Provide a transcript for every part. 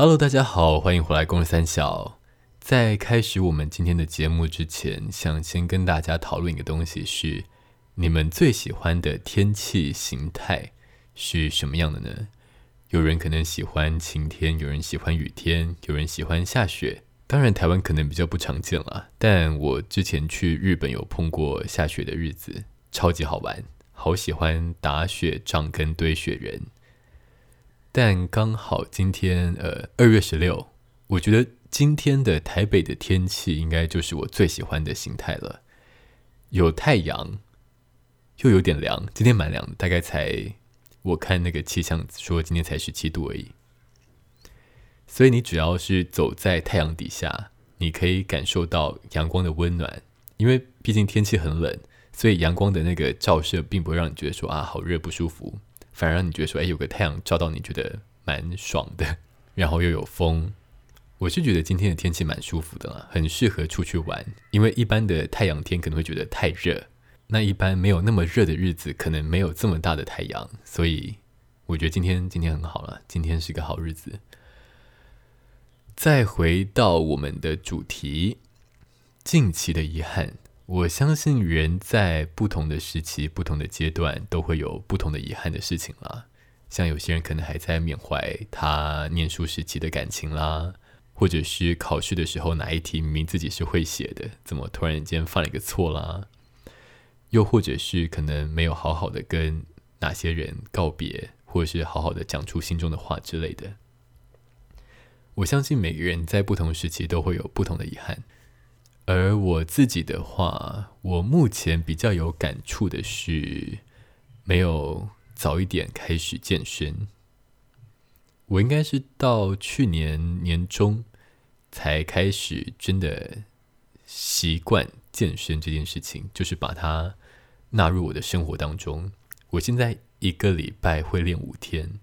Hello，大家好，歡迎回來《公司三小》。在開始我們今天的節目之前，想先跟大家討論一個東西是：是你們最喜歡的天氣形態是什麼樣的呢？有人可能喜歡晴天，有人喜歡雨天，有人喜歡下雪。當然，台灣可能比較不常見啦。但我之前去日本有碰過下雪的日子，超級好玩，好喜歡打雪仗跟堆雪人。但剛好今天，呃，二月十六，我覺得今天的台北的天氣應該就是我最喜歡的形態了，有太陽，又有點涼，今天蠻涼的，大概才我看那個氣象說今天才十七度而已，所以你只要是走在太陽底下，你可以感受到陽光的溫暖，因為畢竟天氣很冷，所以陽光的那個照射並不會讓你覺得說啊好熱不舒服。反而讓你覺得說，哎，有個太陽照到你，你覺得蠻爽的，然後又有風。我是覺得今天的天氣蠻舒服的了，很適合出去玩。因為一般的太陽天可能會覺得太熱，那一般沒有那麼熱的日子，可能沒有這麼大的太陽，所以我覺得今天今天很好了，今天是個好日子。再回到我們的主題，近期的遺憾。我相信人在不同的時期、不同的階段，都會有不同的遺憾的事情啦。像有些人可能還在緬懷他念書時期的感情啦，或者是考試的時候哪一題明明自己是會寫的，怎麼突然間犯了一個錯啦？又或者是可能沒有好好的跟哪些人告別，或者是好好的講出心中的話之類的。我相信每個人在不同時期都會有不同的遺憾。而我自己的話，我目前比較有感觸的是，沒有早一點開始健身。我應該是到去年年中才開始真的習慣健身這件事情，就是把它納入我的生活當中。我現在一個禮拜會練五天，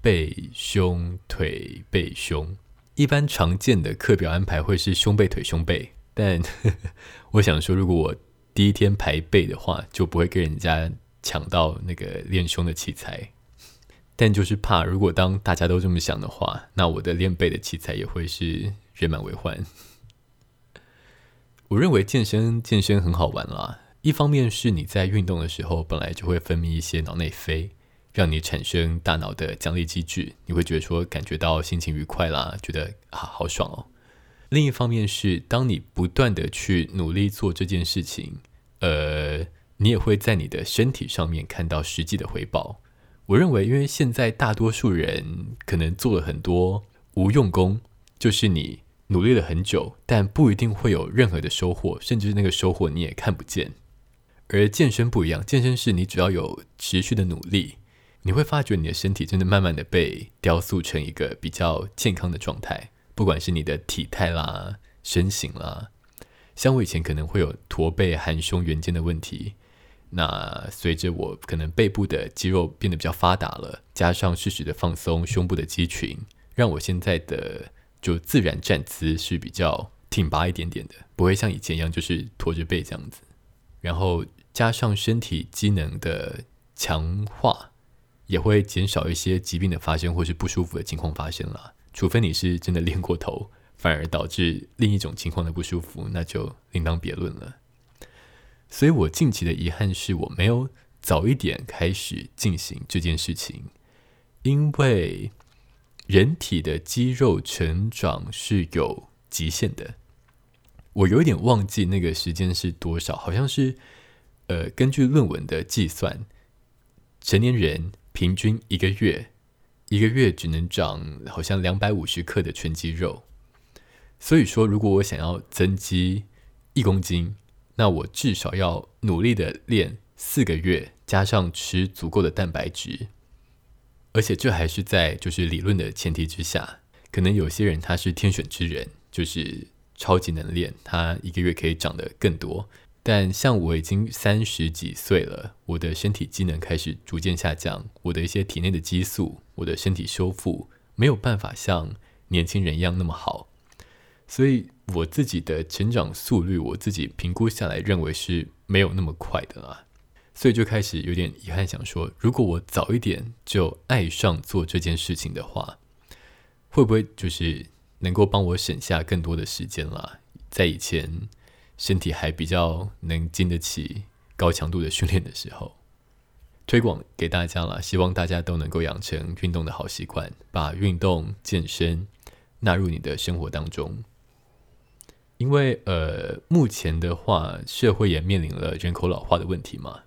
背、胸、腿、背、胸，一般常見的課表安排會是胸、背、腿、胸、背。但我想說，如果我第一天排背的話，就不會跟人家搶到那個練胸的器材。但就是怕，如果當大家都這麼想的話，那我的練背的器材也會是人滿為患。我認為健身健身很好玩啦，一方面是你在運動的時候，本來就會分泌一些腦內啡，讓你產生大腦的獎勵機制，你會覺得說感覺到心情愉快啦，覺得啊好爽哦。另一方面是，當你不斷的去努力做這件事情，呃，你也會在你的身體上面看到實際的回報。我認為，因為現在大多數人可能做了很多無用功，就是你努力了很久，但不一定會有任何的收穫，甚至那個收穫你也看不見。而健身不一樣，健身是你只要有持續的努力，你會發覺你的身體真的慢慢的被雕塑成一個比較健康的狀態。不管是你的體態啦、身形啦，像我以前可能會有駝背、含胸、圓肩的問題，那隨着我可能背部的肌肉變得比較發達了，加上適時的放鬆胸部的肌群，讓我現在的就自然站姿是比較挺拔一點點的，不會像以前一樣就是駝着背這樣子。然後加上身體機能的強化，也會減少一些疾病的發生或是不舒服的情況發生啦。除非你是真的練過頭，反而導致另一種情況的不舒服，那就另當別論了。所以我近期的遺憾是，我沒有早一點開始進行這件事情，因為人體的肌肉成長是有極限的。我有點忘記那個時間是多少，好像是呃，根據論文的計算，成年人平均一個月。一個月只能長好像兩百五十克的全肌肉，所以說，如果我想要增肌一公斤，那我至少要努力的練四個月，加上吃足夠的蛋白質，而且這還是在就是理論的前提之下，可能有些人他是天選之人，就是超級能練，他一個月可以長得更多。但像我已經三十幾歲了，我的身體機能開始逐漸下降，我的一些體內的激素，我的身體修復沒有辦法像年輕人一樣那麼好，所以我自己的成長速率，我自己評估下來認為是沒有那麼快的啦，所以就開始有點遺憾，想說如果我早一點就愛上做這件事情的話，會不會就是能夠幫我省下更多的時間啦？在以前。身體還比較能經得起高強度的訓練的時候，推廣給大家了，希望大家都能夠養成運動的好習慣，把運動健身納入你的生活當中。因為呃，目前的話，社會也面臨了人口老化的問題嘛。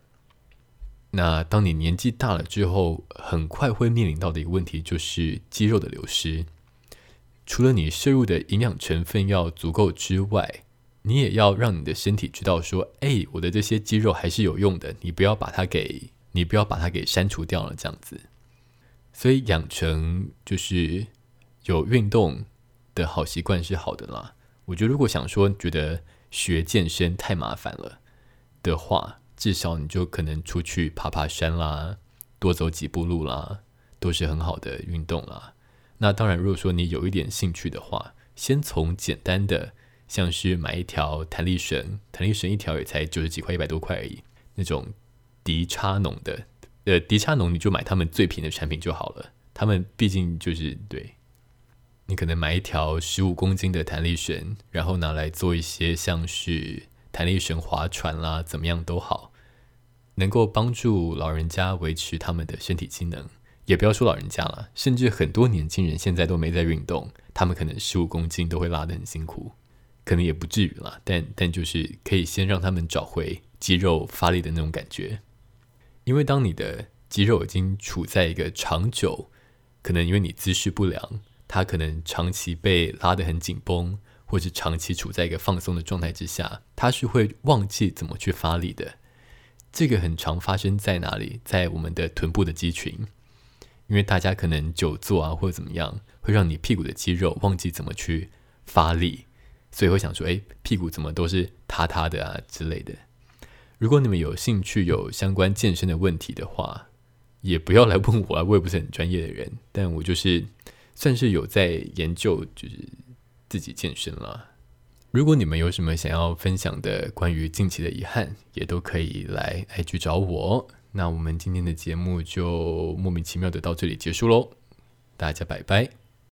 那當你年紀大了之後，很快會面臨到的一個問題就是肌肉的流失。除了你攝入的營養成分要足夠之外，你也要讓你的身體知道說，誒，我的這些肌肉還是有用的，你不要把它給，你不要把它給刪除掉了，這樣子。所以養成就是有運動的好習慣是好的啦。我覺得如果想說覺得學健身太麻煩了的話，至少你就可能出去爬爬山啦，多走幾步路啦，都是很好的運動啦。那當然，如果說你有一點興趣的話，先從簡單的。像是買一條彈力繩，彈力繩一條也才九十幾塊、一百多塊而已。那種迪叉農的，呃，迪叉農你就買他們最平的產品就好了。他們畢竟就是對你可能買一條十五公斤的彈力繩，然後拿來做一些像是彈力繩划船啦，啊，怎麼樣都好，能夠幫助老人家維持他們的身體機能。也不要說老人家了，甚至很多年輕人現在都沒在運動，他們可能十五公斤都會拉的很辛苦。可能也不至於啦，但但就是可以先讓他們找回肌肉發力的那種感覺，因為當你的肌肉已經處在一個長久，可能因為你姿勢不良，它可能長期被拉得很緊繃，或者長期處在一個放鬆的狀態之下，它是會忘記怎麼去發力的。這個很常發生在哪裡？在我們的臀部的肌群，因為大家可能久坐啊，或者怎麼樣，會讓你屁股的肌肉忘記怎麼去發力。所以會想說，誒，屁股怎麼都是塌塌的啊之類的。如果你們有興趣有相關健身的問題的話，也不要來問我啊，我也不是很專業的人，但我就是算是有在研究，就是自己健身了。如果你們有什麼想要分享的關於近期的遺憾，也都可以來 IG 找我，哦。那我們今天的節目就莫名其妙的到這裡結束嘍，大家拜拜。